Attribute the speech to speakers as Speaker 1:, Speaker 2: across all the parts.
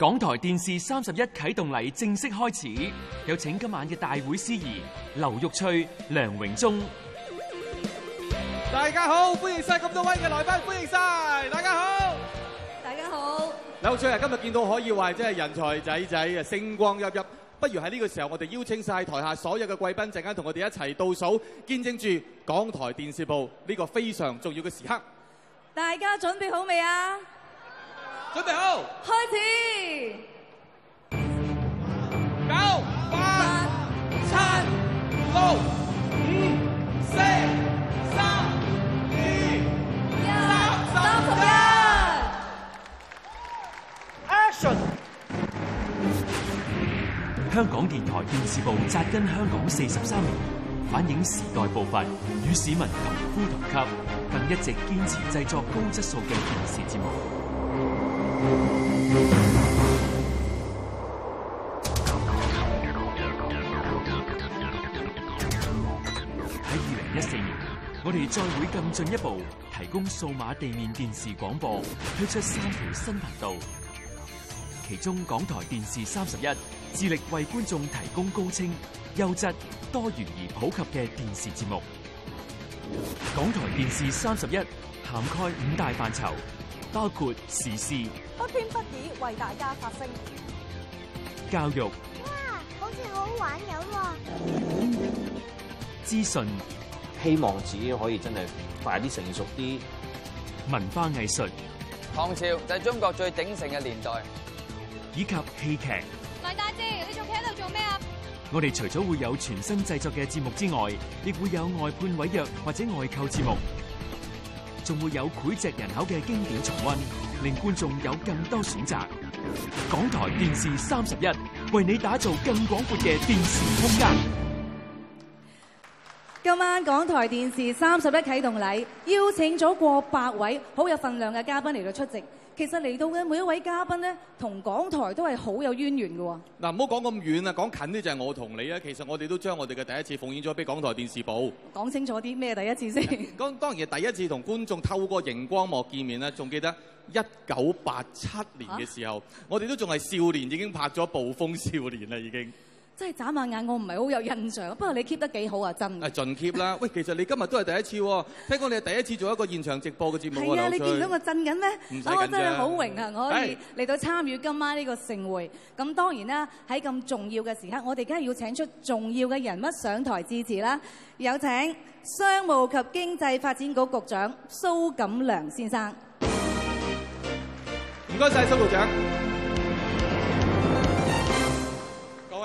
Speaker 1: 港台電視三十一啓動禮正式開始，有請今晚嘅大會司儀劉玉翠、梁榮忠。大
Speaker 2: 家好，歡迎晒咁多位嘅來賓，歡迎晒大家好，大
Speaker 3: 家好。
Speaker 2: 劉玉翠啊，今日見到可以話即係人才仔仔啊，星光熠熠。不如喺呢個時候，我哋邀請晒台下所有嘅貴賓，陣間同我哋一齊倒數，見證住港台電視部呢個非常重要嘅時刻。
Speaker 3: 大家準備好未啊？準備好，開始。九八,八七六五四三二一，三十
Speaker 1: 一，Action！香港電台電視部扎根香港四十三年，反映時代步伐，與市民同呼同吸，更一直堅持製作高質素嘅電視節目。喺二零一四年，我哋再會更進一步，提供數碼地面電視廣播，推出三條新頻道。其中，港台電視三十一致力為觀眾提供高清、優質、多元而普及嘅電視節目。港台電視三十一涵蓋五大範疇。包括時事，
Speaker 3: 不偏不倚為大家發聲。
Speaker 1: 教育，
Speaker 3: 哇，好似好玩咁啊！
Speaker 1: 資訊，希望自己可以真係快啲成熟啲。文化藝術，
Speaker 2: 唐朝就係中國最鼎盛嘅年
Speaker 1: 代，以及戲劇。
Speaker 3: 林大志，你仲企喺度做咩啊？
Speaker 1: 我哋除咗會有全新製作嘅節目之外，亦會有外判委約或者外購節目。仲會有膾炙人口嘅經典重温，令觀眾有更多選擇。港台電視三十一為你打造更廣闊嘅電視空間。
Speaker 3: 今晚港台電視三十一啟動禮，邀請咗過百位好有份量嘅嘉賓嚟到出席。其實嚟到嘅每一位嘉賓咧，同港台都係好有淵源㗎喎。
Speaker 2: 嗱，唔好講咁遠啊，講近啲就係我同你啊。其實我哋都將我哋嘅第一次奉獻咗俾港台電視部。
Speaker 3: 講清楚啲咩第一次先。
Speaker 2: 當 當然係第一次同觀眾透過熒光幕見面啦，仲記得一九八七年嘅時候，啊、我哋都仲係少年，已經拍咗《暴風少年》啦，已經。
Speaker 3: 真係眨下眼，我唔係好有印象。不過你 keep 得幾好啊，真
Speaker 2: 係。盡 keep 啦。喂，其實你今日都係第一次喎。 聽講你係第一次做一個現場直播嘅節目啊，係啊，你見到我
Speaker 3: 震緊咩？唔緊張。我真係好榮幸可以嚟到參與今晚呢個盛會。咁當然啦，喺咁重要嘅時刻，我哋梗係要請出重要嘅人物上台支持啦。有請商務及經濟發展局局長蘇錦良先生。
Speaker 2: 唔該晒，蘇局長。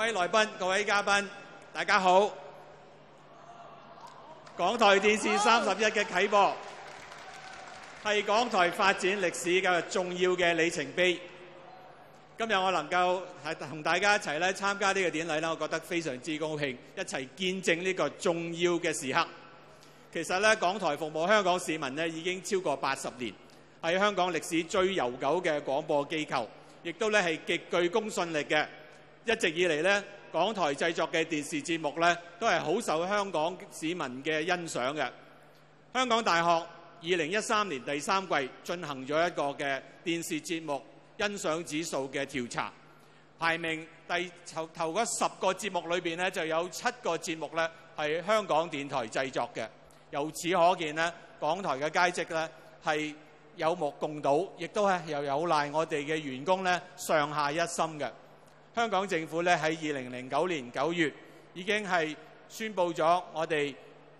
Speaker 4: 各位來賓、各位嘉賓，大家好！港台電視三十一嘅啟播，係港台發展歷史嘅重要嘅里程碑。今日我能夠係同大家一齊咧參加呢個典禮啦，我覺得非常之高興，一齊見證呢個重要嘅時刻。其實咧，港台服務香港市民咧已經超過八十年，係香港歷史最悠久嘅廣播機構，亦都咧係極具公信力嘅。一直以嚟呢，港台製作嘅電視節目呢都係好受香港市民嘅欣賞嘅。香港大學二零一三年第三季進行咗一個嘅電視節目欣賞指數嘅調查，排名第頭頭嗰十個節目裏面呢就有七個節目呢係香港電台製作嘅。由此可見呢，港台嘅佳績呢係有目共睹，亦都係又有賴我哋嘅員工呢上下一心嘅。香港政府咧喺二零零九年九月已經係宣布咗我哋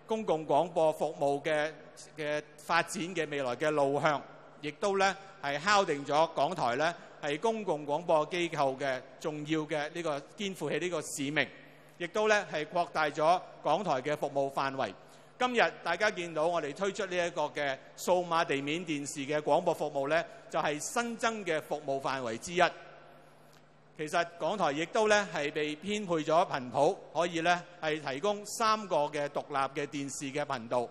Speaker 4: 公共廣播服務嘅嘅發展嘅未來嘅路向，亦都咧係敲定咗港台咧係公共廣播機構嘅重要嘅呢個肩負起呢個使命，亦都咧係擴大咗港台嘅服務範圍。今日大家見到我哋推出呢一個嘅數碼地面電視嘅廣播服務呢就係新增嘅服務範圍之一。其實港台亦都咧係被編配咗頻譜，可以咧係提供三個嘅獨立嘅電視嘅頻道，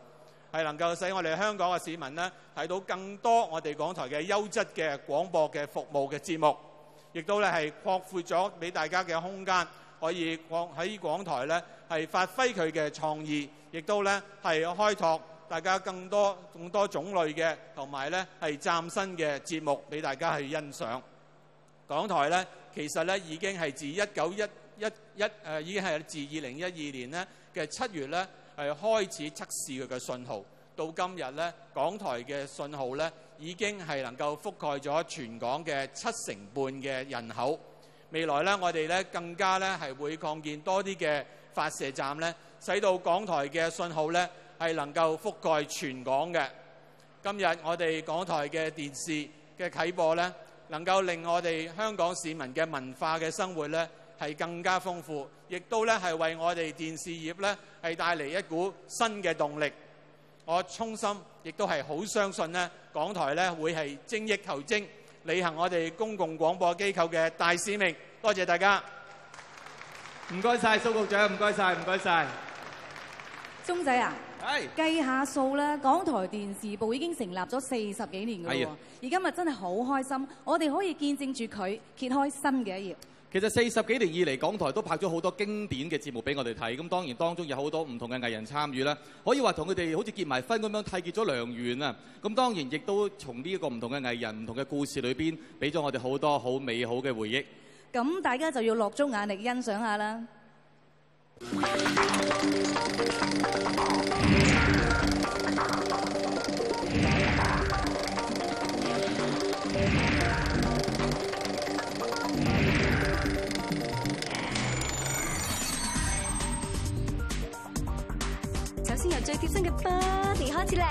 Speaker 4: 係能夠使我哋香港嘅市民咧睇到更多我哋港台嘅優質嘅廣播嘅服務嘅節目，亦都咧係擴闊咗俾大家嘅空間，可以喺港台咧係發揮佢嘅創意，亦都咧係開拓大家更多更多種類嘅同埋咧係嶄新嘅節目俾大家去欣賞。港台咧。其實呢已經係自一九一一一已自二零一二年咧嘅七月咧開始測試佢嘅信號，到今日呢，港台嘅信號已經係能夠覆蓋咗全港嘅七成半嘅人口。未來呢，我哋更加咧係會擴建多啲嘅發射站呢，使到港台嘅信號咧係能夠覆蓋全港嘅。今日我哋港台嘅電視嘅啟播呢能夠令我哋香港市民嘅文化嘅生活咧係更加豐富，亦都咧係為我哋電視業咧係帶嚟一股新嘅動力。我衷心亦都係好相信咧，港台咧會係精益求精，履行我哋公共廣播機構嘅大使命。多謝大家，唔該晒蘇局長，唔
Speaker 2: 該晒！唔該晒！
Speaker 3: 鐘仔啊！Hey. 計下數啦，港台電視部已經成立咗四十幾年嘅喎，hey. 而今日真係好開心，我哋可以見證住佢揭開新嘅一頁。
Speaker 2: 其實四十幾年以嚟，港台都拍咗好多經典嘅節目俾我哋睇，咁當然當中有好多唔同嘅藝人參與啦，可以話同佢哋好似結埋婚咁樣締結咗良緣啊！咁當然亦都從呢一個唔同嘅藝人、唔同嘅故事裏邊，俾咗我哋好多好美好嘅回憶。
Speaker 3: 咁大家就要落足眼力欣賞下啦。首先由最貼身嘅 buddy 開始咧，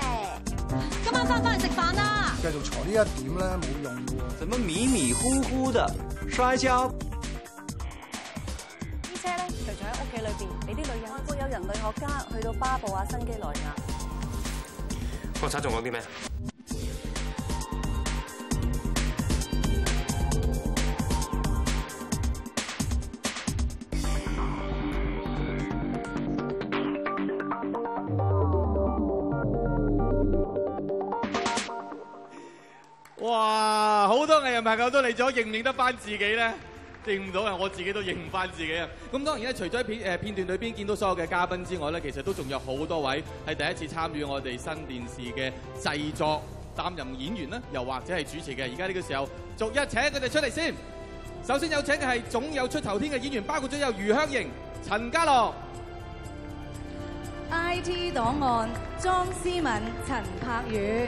Speaker 3: 今晚翻返嚟食飯啦。
Speaker 1: 繼續坐呢一點咧，冇用嘅。怎麼迷迷糊
Speaker 2: 糊的摔跤？
Speaker 3: 嘅裏邊，你啲女人都有人類學家去到巴布亞、新幾內亞。
Speaker 1: 國產仲講啲咩？
Speaker 2: 哇！好多藝人朋友都嚟咗，認唔認得翻自己咧？認唔到嘅，我自己都認唔翻自己啊！咁當然咧，除咗片誒片段裏邊見到所有嘅嘉賓之外咧，其實都仲有好多位係第一次參與我哋新電視嘅製作，擔任演員咧，又或者係主持嘅。而家呢個時候，逐一請佢哋出嚟先。首先有請嘅係總有出頭天嘅演員，包括咗有余香盈、陳家樂、
Speaker 3: IT 檔案、莊思敏、陳柏宇。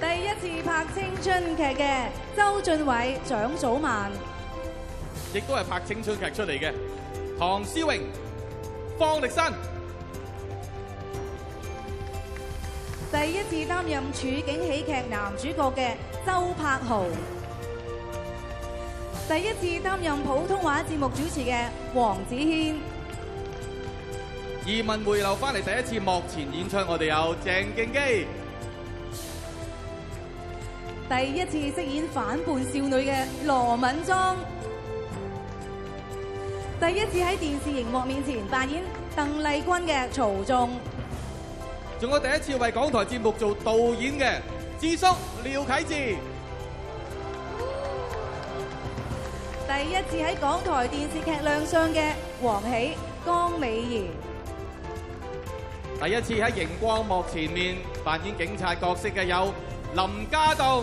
Speaker 3: 第一次拍青春劇嘅周俊偉、蔣祖曼，
Speaker 2: 亦都係拍青春劇出嚟嘅。唐詩詠、方力申，
Speaker 3: 第一次擔任處境喜劇男主角嘅周柏豪，第一次擔任普通話節目主持嘅黃子軒，
Speaker 2: 移民回流翻嚟第一次幕前演唱，我哋有鄭敬基。
Speaker 3: 第一次飾演反叛少女嘅羅敏莊，第一次喺電視熒幕面前扮演鄧麗君嘅曹仲，
Speaker 2: 仲有第一次為港台節目做導演嘅
Speaker 3: 智叔廖啟智，第一次喺港台電視劇亮相嘅王喜、江美儀，
Speaker 2: 第一次喺熒光幕前面扮演警察角色嘅有。林家棟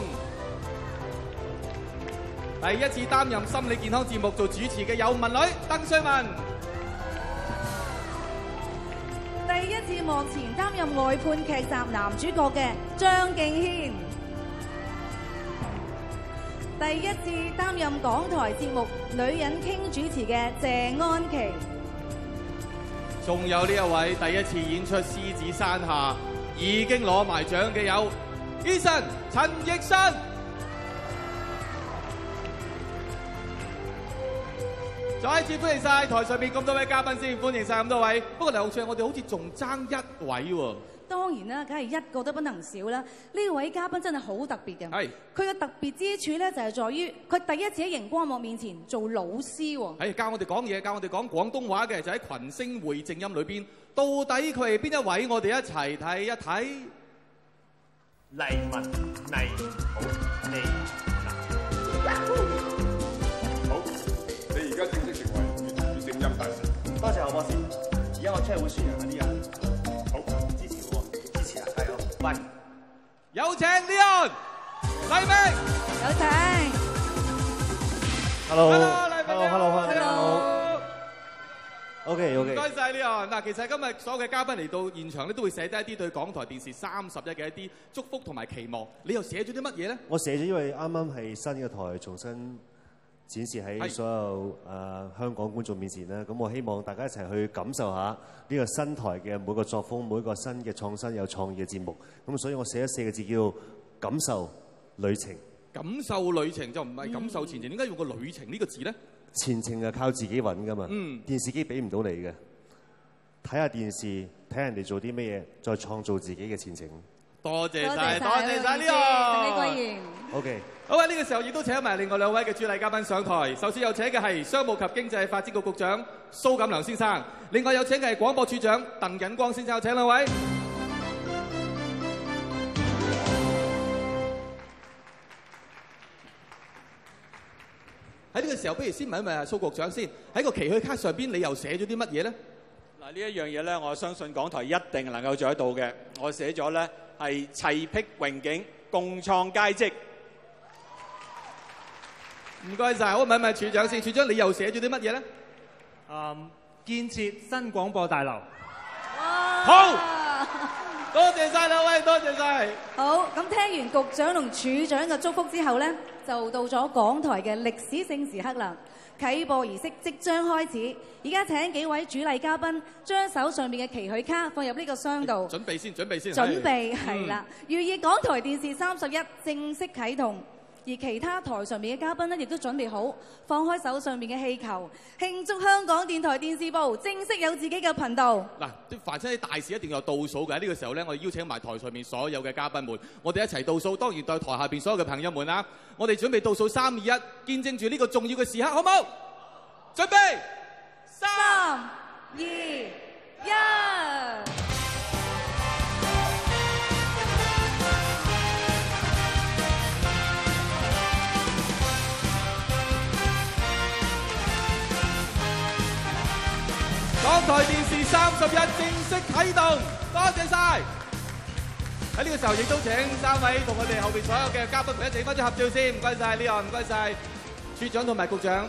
Speaker 2: 第一次擔任心理健康節目做主持嘅有文女鄧萃雯，
Speaker 3: 第一次幕前擔任外判劇集男主角嘅張敬軒，第一次擔任港台節目女人傾主持嘅謝安琪，
Speaker 2: 仲有呢一位第一次演出獅子山下已經攞埋獎嘅有。Eason 陳奕迅，再一次歡迎晒。台上面咁多位嘉賓先，歡迎晒咁多位。不過黎耀祥我哋好似仲爭一位喎。
Speaker 3: 當然啦，梗係一個都不能少啦。呢位嘉賓真係好特別嘅，係佢嘅特別之處咧，就係在於佢第一次喺熒光幕面前做老師喎。
Speaker 2: 係，教我哋講嘢，教我哋講廣東話嘅，就喺、是、群星匯正音裏邊。到底佢係邊一位？我哋一齊睇一睇。
Speaker 1: 黎明，黎，好，黎，黎，好，黎好，你好，你而家正式成為粵粵語配音大師。多謝何博士，而家我出去會宣揚下啲、這個、人。好，支持喎，支持啊，係啊、哦。喂，有請 Leon 黎明，有請。Hello，Hello，Hello，Hello，Hello Hello。Hello, Hello, Hello, Hello, O K，唔該
Speaker 2: 晒呢啊。嗱，其實今日所有嘅嘉賓嚟到現場咧，都會寫低一啲對港台電視三十一嘅一啲祝福同埋期望。你又寫咗啲乜嘢咧？
Speaker 1: 我寫咗，因為啱啱係新嘅台重新展示喺所有啊、呃、香港觀眾面前啦。咁我希望大家一齊去感受下呢個新台嘅每個作風、每個新嘅創新有創意嘅節目。咁所以我寫咗四個字叫感受旅程。感受
Speaker 2: 旅程就唔係感受前程，點、嗯、解用個旅程呢個字咧？
Speaker 1: 前程係靠自己揾㗎嘛。嗯、電視機俾唔到你嘅，睇下電視，睇人哋做啲咩嘢，再創造自己嘅前程。
Speaker 2: 多謝晒，多
Speaker 3: 謝晒呢個。O K，
Speaker 1: 好啊，呢、
Speaker 2: 啊 okay 呢個時候亦都請埋另外兩位嘅主禮嘉賓上台。首先有請嘅係商務及經濟發展局局長蘇錦梁先生，另外有請嘅係廣播處長鄧忍光先生，有請兩位。喺呢個時候，不如先問一問蘇局長先，喺個期許卡上邊，你又寫咗啲乜嘢咧？嗱，呢一樣嘢咧，我相信
Speaker 4: 港台一定能夠做得到嘅。我寫
Speaker 2: 咗咧係齊闢榮景，共創佳績。唔該曬，好，問問處長先，處長你又寫咗啲乜嘢咧？嗯，
Speaker 3: 建設新廣播大樓。好。多謝晒兩位，多謝晒。好，咁聽完局長同處長嘅祝福之後呢，就到咗港台嘅歷史性時刻啦。啓播儀式即將開始，而家請幾位主禮嘉賓將手上面嘅期許卡放入呢個箱度。
Speaker 2: 準備先，準備先。準備係啦，
Speaker 3: 寓意港台電視三十一正式啟動。而其他台上面嘅嘉賓呢，亦都準備好放開手上面嘅氣球，慶祝香港電台電視部正式有自己嘅頻道。
Speaker 2: 嗱，啲凡係啲大事一定有倒數嘅，喺呢個時候呢，我哋邀請埋台上面所有嘅嘉賓們，我哋一齊倒數。當然對台下面所有嘅朋友們啦，我哋準備倒數三二一，見證住呢個重要嘅時刻，好冇？準備
Speaker 3: 三二。3, 3, 2,
Speaker 2: 台電視三十一正式啟動，多謝晒！喺呢個時候亦都請三位同我哋後面所有嘅嘉賓給一齊影翻張合照先，唔該曬，呢個唔該晒，處長同埋局長。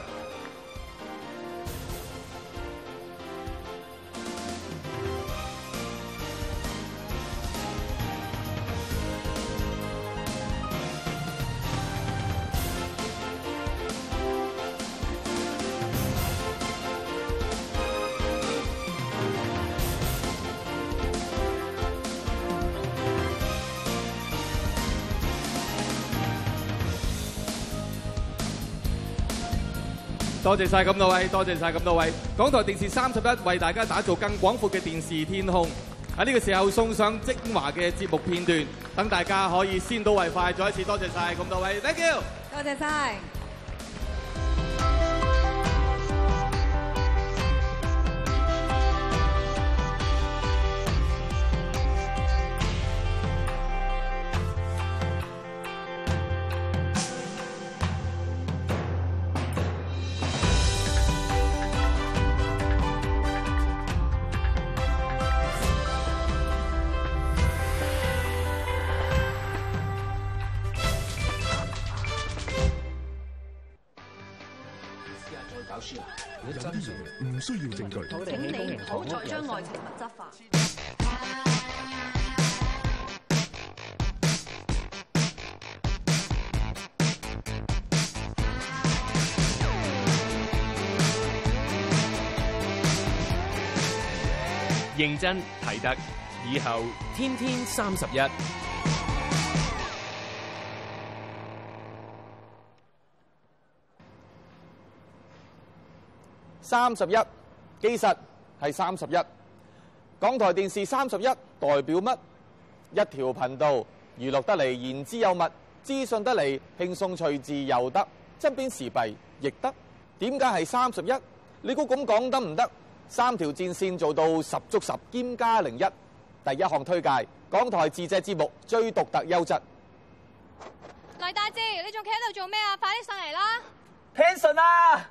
Speaker 2: 多謝晒咁多位，多謝晒咁多位。港台電視三十一為大家打造更廣闊嘅電視天空。喺呢個時候送上精華嘅節目片段，等大家可以先睹為快。再一次多謝晒咁多位，Thank you，
Speaker 3: 多謝晒。
Speaker 1: 有啲人唔需要證據。請你唔好再將愛情物質化。認真睇得，以後天天三十一。
Speaker 2: 三十一，其實係三十一。港台電視三十一代表乜？一條頻道，娛樂得嚟，言之有物，資訊得嚟，輕鬆趣，自由得，側邊時弊亦得。點解係三十一？你估咁講得唔得？三條戰線做到十足十，兼加零一。第一項推介，港台自製節目最獨特優質。
Speaker 3: 黎大姐，你仲企喺度做咩啊？快啲上嚟啦！
Speaker 1: 聽信啊！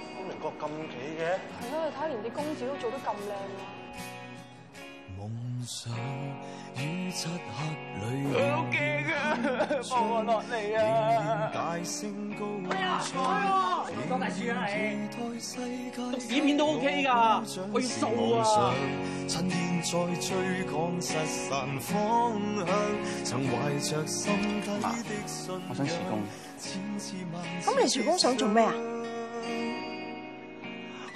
Speaker 1: 個咁企嘅，係啊？你睇連啲公主都做得咁靚啊！好勁啊！放我落嚟啊！哎呀哎呀！多大樹啦你？點演都 OK 噶，我要做啊！媽，我想辭工。咁你辭工想做咩啊？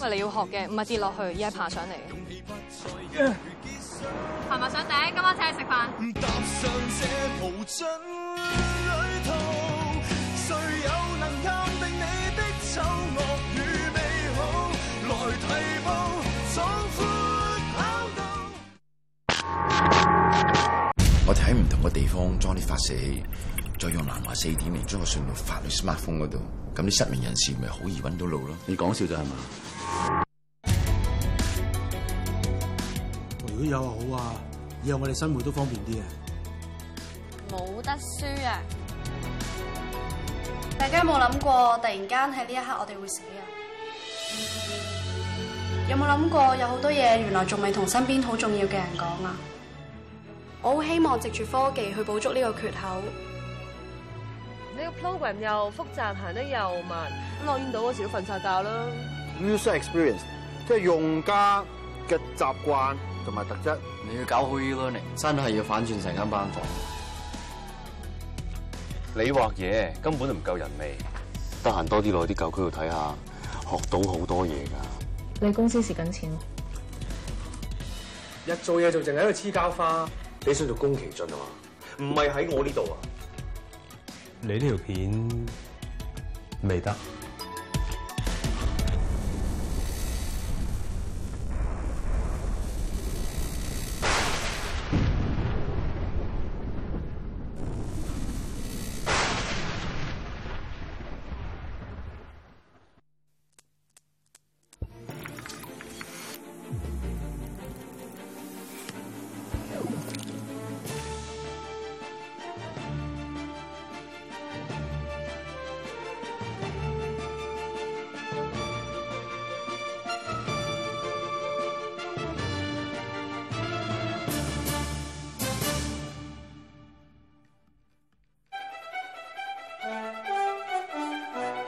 Speaker 3: 因為你要學嘅，唔係跌落去，而係爬上嚟
Speaker 1: 。
Speaker 3: 爬
Speaker 1: 埋上頂，今晚請你食飯。 我哋喺唔同嘅地方裝啲發射再用南華四點零將個訊號發去 smartphone 嗰度，咁啲失明人士咪好易揾到路咯？你講笑咋係嘛？如果有就好啊，以後我哋生活都方便啲
Speaker 3: 啊！冇得輸啊！大家有冇諗過，突然間喺呢一刻我哋會死啊？有冇諗過有好多嘢原來仲未同身邊好重要嘅人講啊？我好希望藉住科技去補足呢個缺口。你個 program 又複雜，行得又慢，咁我見到我時都瞓晒覺啦。
Speaker 1: User experience，即係用家嘅習慣同埋特質，你要搞虛 learning，真係要反轉成間班房。你畫嘢根本都唔夠人味，得閒多啲落去啲舊區度睇下，學到好多嘢㗎。
Speaker 3: 你公司蝕緊錢，
Speaker 1: 一做嘢就淨係喺度黐膠花，你想做宮崎駿啊嘛？唔係喺我呢度啊！嗯嗯你呢條片未得。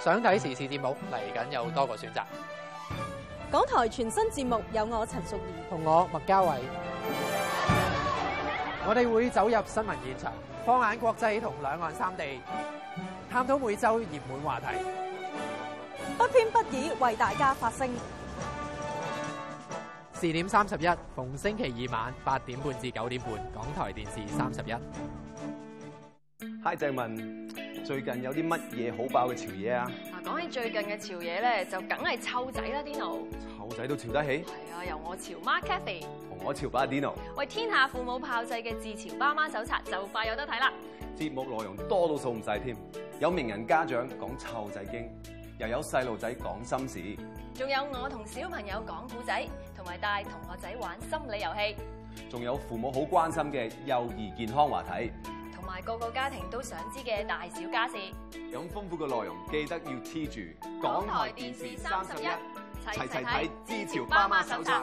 Speaker 2: 想睇時事節目，嚟緊有多個選擇。
Speaker 3: 港台全新節目有我陳淑儀同我麥嘉偉，
Speaker 2: 我哋會
Speaker 1: 走入新聞現場，放眼國際同兩岸三地，探討每週熱門話題，
Speaker 3: 不偏不倚為大家發聲。
Speaker 2: 視點三十一，逢星期二晚八點半至九點半，港台電視
Speaker 1: 三十一。Hi，鄭文。最近有啲乜嘢好爆嘅潮嘢啊？嗱，講起最近嘅潮嘢咧，就梗係湊仔啦，Dino。湊仔都潮得起？係啊，由我潮媽 Kathy，同我潮爸 Dino。為天下父母炮製嘅《自潮爸媽手冊》就快有得睇啦！節目內容多到數唔晒添，有名人家長講湊仔經，又有細路仔講心事，仲有我同小朋友講故仔，同埋帶同學仔玩心理遊戲，仲有父母好關心嘅幼兒健康話題。同埋個個家庭都想知嘅大小家事，咁豐富嘅內容，記得要黐住港台電視三十一齊齊睇《潮爸媽手冊》。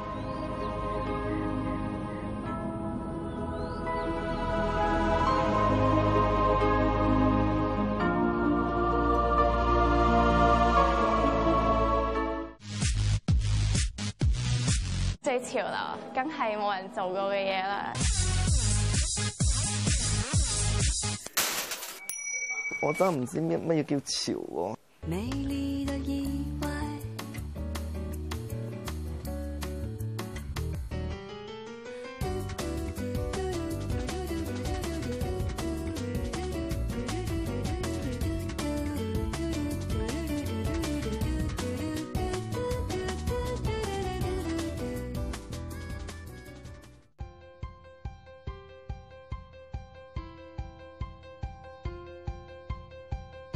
Speaker 1: 梗係冇人做過嘅嘢啦！
Speaker 3: 我真係唔知咩乜嘢叫潮喎。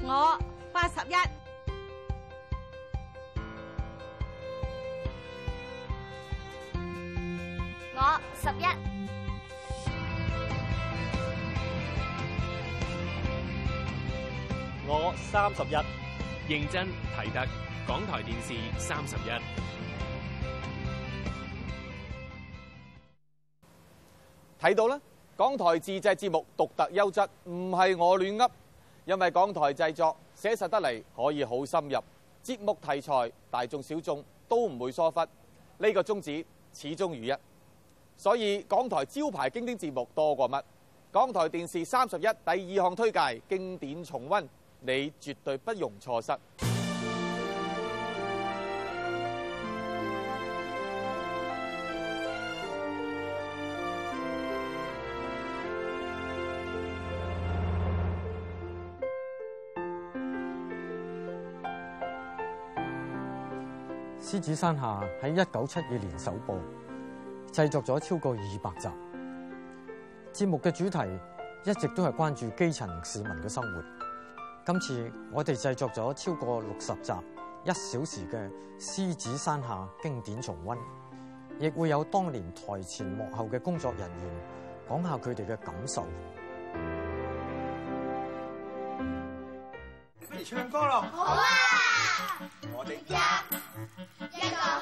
Speaker 3: 我八十一我，我十一
Speaker 1: 我，我三十一，認真睇得港台電視三十一，
Speaker 2: 睇到啦！港台自製節目獨特優質，唔係我亂噏。因為港台製作寫實得嚟，可以好深入，節目題材、大眾小眾都唔會疏忽，呢個宗旨始終如一。所以港台招牌經典節目多過乜？港台電視三十一第二項推介經典重溫，你絕對不容錯失。獅子山下喺一九七二年首播，製作咗超過二百集。節目嘅主題一直都係關注基層市民嘅生活。今次我哋製作咗超過六十集，一小時嘅《獅子山下》經典重溫，亦會有當年台前幕後嘅工作人員講下佢哋嘅感受。你唱歌
Speaker 1: 咯！好啊，我哋一。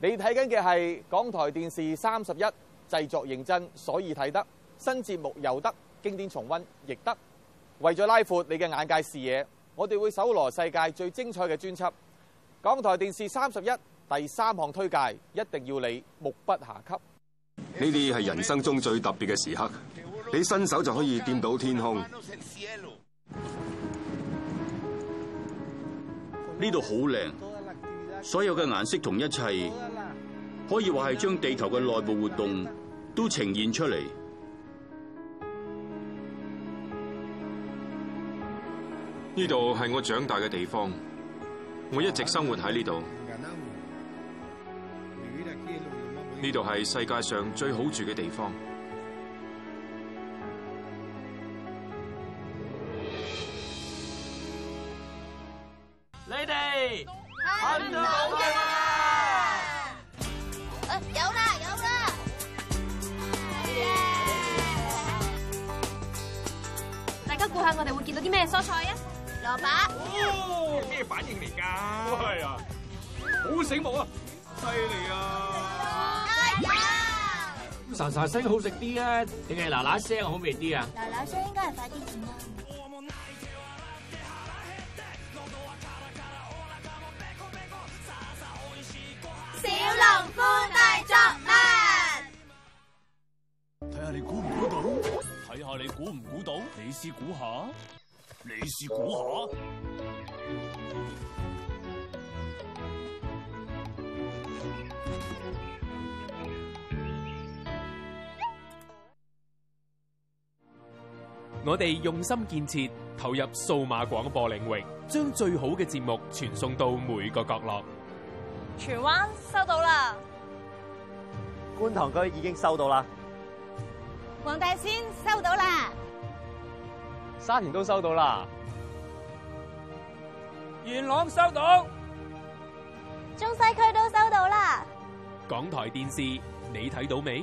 Speaker 2: 你睇緊嘅係港台電視三十一。製作認真，所以睇得新節目又得，經典重温亦得。為咗拉闊你嘅眼界視野，我哋會搜羅世界最精彩嘅專輯。港台電視三十一第三項推介，一定要你目不暇給。
Speaker 1: 呢啲係人生中最特別嘅時刻，你伸手就可以掂到天空。
Speaker 2: 呢度好靚，所有嘅顏色同一切，可以話係將地球嘅內部活動都呈現出嚟。
Speaker 1: 呢度係我長大嘅地方，我一直生活喺呢度。呢度係世界上最好住嘅地方。
Speaker 4: 你哋
Speaker 1: 很努力啊！有啦，有啦！大家估下，我哋會見到啲咩蔬菜啊？蘿蔔。哦，咩反應嚟㗎？係啊，
Speaker 2: 好醒目啊，犀利啊！嘈嘈聲好食啲啊，定係嗱嗱聲好味啲
Speaker 1: 啊？嗱嗱聲應該係快啲錢啊！小龍哥在做
Speaker 3: 夢，
Speaker 1: 睇下你估唔估到？睇下你估唔估到？你試估下，你試估下。我哋用心建設，投入數碼廣播領域，將最好嘅節目傳送到每個角落。
Speaker 3: 荃灣收到啦，
Speaker 1: 觀塘區已經收到啦，
Speaker 3: 黃大仙收到啦，
Speaker 1: 沙田都收到啦，
Speaker 3: 元朗收到，中西區都收到啦。
Speaker 1: 港
Speaker 3: 台電視，你睇到未？